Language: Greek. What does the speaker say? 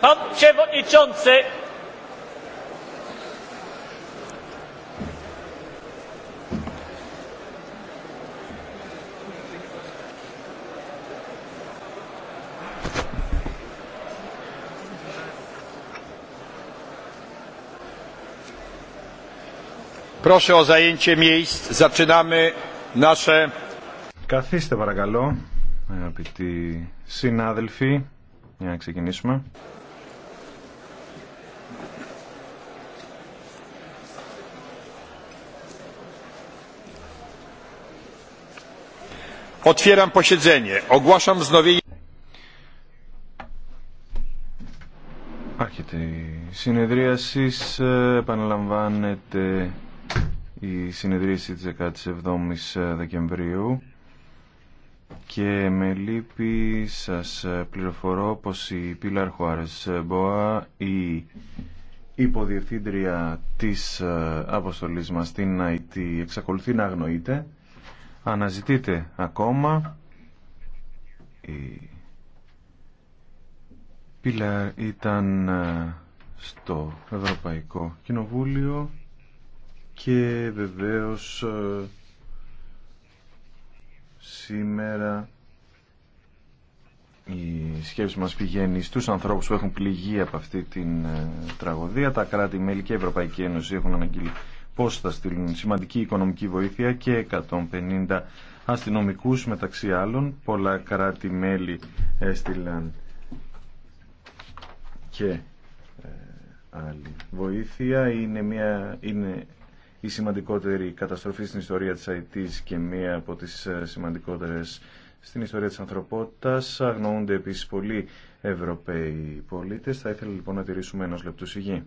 Pan Przewodniczący! Proszę o zajęcie miejsc. Zaczynamy nasze... Καθίστε παρακαλώ, αγαπητοί συνάδελφοι για να ξεκινήσουμε. Otwieram posiedzenie. Ogłaszam wznowienie. Άρχεται η συνεδρίαση. Ε, επαναλαμβάνεται η συνεδρίαση της 17 Δεκεμβρίου και με λύπη σας πληροφορώ πως η Πίλαρ Χουάρες Μποά, η υποδιευθύντρια της ε, αποστολής μας στην ΑΕΤ, εξακολουθεί να αγνοείται. Αναζητείτε ακόμα η Πίλαρ ήταν ε, στο Ευρωπαϊκό Κοινοβούλιο και βεβαίως ε, Σήμερα η σκέψη μας πηγαίνει στους ανθρώπους που έχουν πληγεί από αυτή την ε, τραγωδία. Τα κράτη-μέλη και η Ευρωπαϊκή Ένωση έχουν αναγγείλει πώς θα στείλουν σημαντική οικονομική βοήθεια και 150 αστυνομικούς μεταξύ άλλων. Πολλά κράτη-μέλη έστειλαν και ε, άλλη βοήθεια. Είναι, μια, είναι η σημαντικότερη καταστροφή στην ιστορία της ΑΕΤ και μία από τις ε, σημαντικότερες στην ιστορία της ανθρωπότητας. Αγνοούνται επίσης πολλοί Ευρωπαίοι πολίτες. Θα ήθελα λοιπόν να τηρήσουμε ενός λεπτού σιγή.